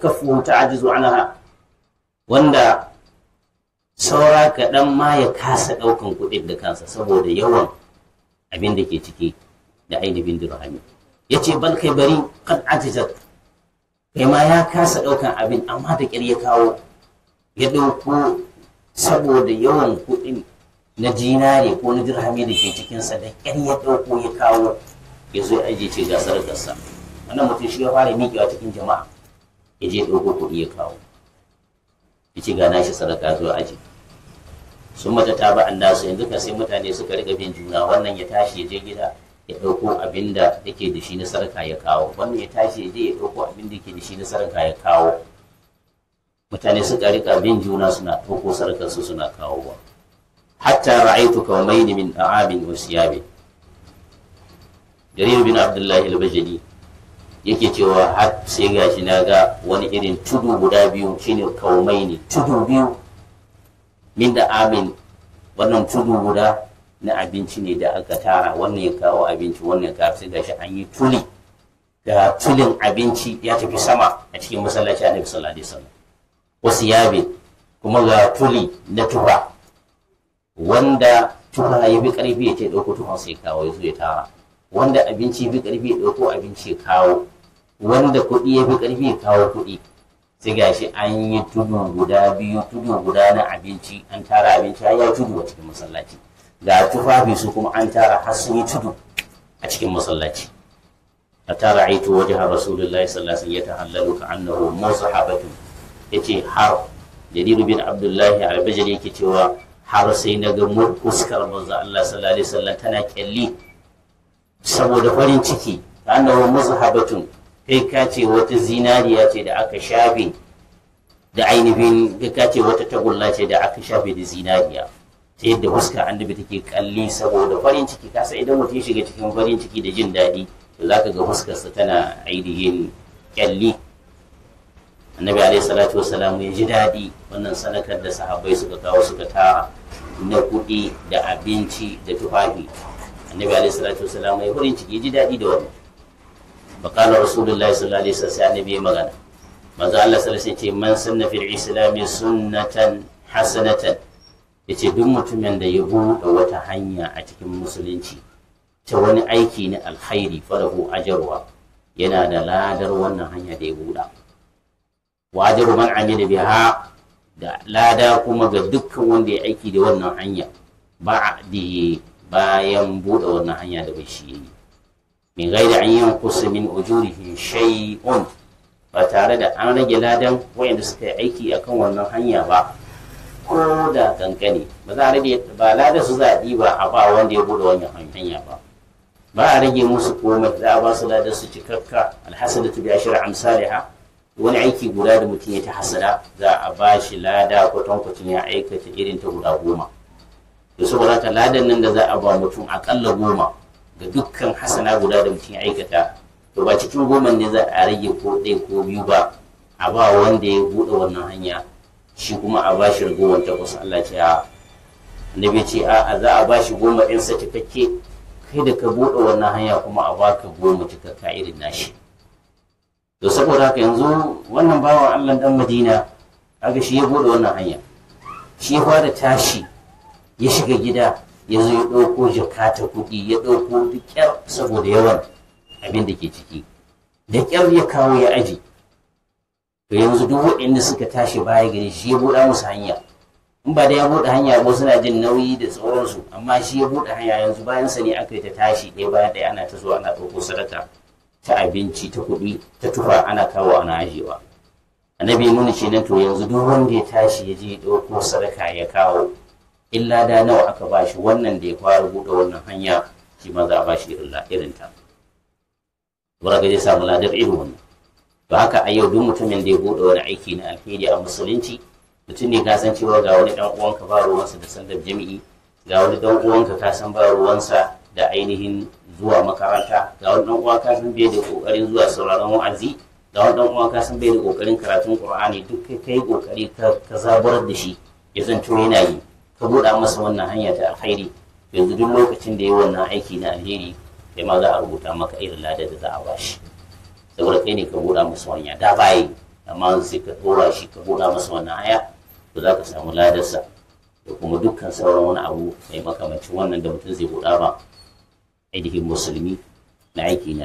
kafin ta'ajizu anha wanda saura kaɗan ma ya kasa ɗaukan kuɗin da kansa saboda yawan abin da ke ciki da ainihin dirhami ya ce bal kai bari kan ajizat kai ma ya kasa ɗaukan abin amma da ƙyar ya kawo ya ɗauko saboda yawan kuɗin na jinare ko na dirhami da ke cikinsa da ƙyar ya ɗauko ya kawo ya zo ya ajiye ce gasar gasa wannan mutum shi ya fara miƙewa cikin jama'a ya je ɗauko kuɗi ya kawo ya ce gana shi sadaka zuwa aji sun mata ta ba annasu yanzu ka sai mutane suka riga bin juna wannan ya tashi ya je gida ya ɗauko abin da yake da shi na sadaka ya kawo wannan ya tashi ya je ya ɗauko abin da yake da shi na sadaka ya kawo mutane suka riga bin juna suna ɗauko su suna kawowa hatta ra'aitu kawmaini min da'abin wa siyabin jarir bin abdullahi al-bajali yake cewa har sai gashi na ga wani irin tudu guda biyu shine kaumai ne tudu biyu min da amin wannan tudu guda na abinci ne da aka tara wannan ya kawo abinci wannan ya kawo sai gashi an yi tuli da tulin abinci ya tafi sama a cikin masallaci annabi sallallahu alaihi wasallam wasu yabe kuma ga tuli na tufa wanda tufa ya bi karfi ya ce dauko tufa sai kawo ya zo ya tara wanda abinci fi karfi ya ɗauko abinci ya kawo wanda kuɗi ya fi karfi ya kawo kuɗi sai gashi an yi tudu guda biyu tudu guda na abinci an tara abinci ya tudu a cikin masallaci ga tufafi su kuma an tara har sun yi tudu a cikin masallaci a tara aitu wajen har rasulullahi sallallahu alaihi wasallam ya tahallalu ka annahu musahabatu yace har jarir bin abdullahi al-bajali yake cewa har sai na ga fuskar manzo Allah sallallahu alaihi tana kyalli saboda farin ciki annahu muzhabatun kai ka ce wata zinariya ce da aka shafe da ainihin kai ka ce wata tagulla ce da aka shafe da zinariya ta yadda fuska annabi take kalli saboda farin ciki kasa idan mutum ya shiga cikin farin ciki da jin daɗi to zaka ga fuskarsa tana ainihin kyalli annabi alaihi salatu wasalam ya ji daɗi wannan sadakar da sahabbai suka kawo suka tara na kuɗi da abinci da tufafi annabi alaihi salatu wasalam ya hurin ciki ji daɗi da wannan bakana rasulullahi sallallahu alaihi wasallam sai annabi ya magana manzo Allah sallallahu alaihi ce man sunna fil islam sunnatan hasanatan yace duk mutumin da ya buɗe wata hanya a cikin musulunci ta wani aiki na alkhairi farahu ajarwa yana da ladar wannan hanya da ya buɗa wa ajaru man amila biha da lada kuma ga dukkan wanda ya aiki da wannan hanya ba da bayan buɗe wannan hanya da bai shi yi min gaida an yi kusa min ujurihin shay'un ba tare da an rage ladan wayanda suka yi aiki a kan wannan hanya ba ko da kankani ba za a rage ba ladan su za a ba a ba wanda ya buɗe wannan hanya ba ba a rage musu komai za a ba su ladan su cikakka alhasadatu bi ashri Amsa'liha wani aiki guda da mutum ya ta hasada za a ba shi lada kwatankwacin ya aikata irin ta guda goma to saboda haka ladan nan da za a ba mutum akalla goma ga dukkan hasana guda da mutum ya aikata to ba cikin goma ne za a rage ko ɗaya ko biyu ba a ba wanda ya buɗe wannan hanya shi kuma a ba shi ragowar takwas Allah ce a annabi ce a za a ba shi goma ɗin sa cikakke kai da ka buɗe wannan hanya kuma a ba ka goma cikakka irin nashi to saboda haka yanzu wannan bawan Allah dan Madina kaga shi ya buɗe wannan hanya shi ya fara tashi ya shiga gida ya zo ya ɗauko ta kuɗi ya ɗauko kyar saboda yawan abin da ke ciki da kyar ya kawo ya aji to yanzu duk waɗanda suka tashi baya gari shi ya buɗa musu hanya in ba da ya buɗe hanya ba suna jin nauyi da tsoronsu amma shi ya buɗe hanya yanzu bayan sa ne aka yi ta tashi ɗaya bayan ɗaya ana ta zuwa ana ɗauko sadaka ta abinci ta kuɗi ta tufa ana kawo ana ajiyewa annabi nuna na to yanzu duk wanda ya tashi ya je ɗauko sadaka ya kawo illa da nawa aka bashi wannan da ya fara buɗe wannan hanya shi ma za a bashi irin ta wanda ga zai samu ladar irin wannan to haka a yau duk mutumin da ya buɗe wani aiki na alheri a musulunci mutum ne ka san cewa ga wani dan uwanka ba ruwansa da sandar jami'i ga wani dan uwanka ka san ba ruwansa da ainihin zuwa makaranta ga wani dan uwa ka san bai da kokarin zuwa sauraron wa'azi ga wani dan uwa ka san bai da kokarin karatun qur'ani duk kai kai kokari ka zabar da shi ya zanto yana yi ka buɗa masa wannan hanya ta alkhairi yanzu duk lokacin da ya wannan aiki na alheri kai ma za a rubuta maka irin ladar da za a ba shi saboda kai ne ka buɗa masa wannan da baye amma sai ka tsora shi ka buɗa masa wannan haya to za ka samu ladarsa da kuma dukkan sauran wani abu mai makamancin wannan da mutum zai buɗa ba ainihin musulmi na aiki na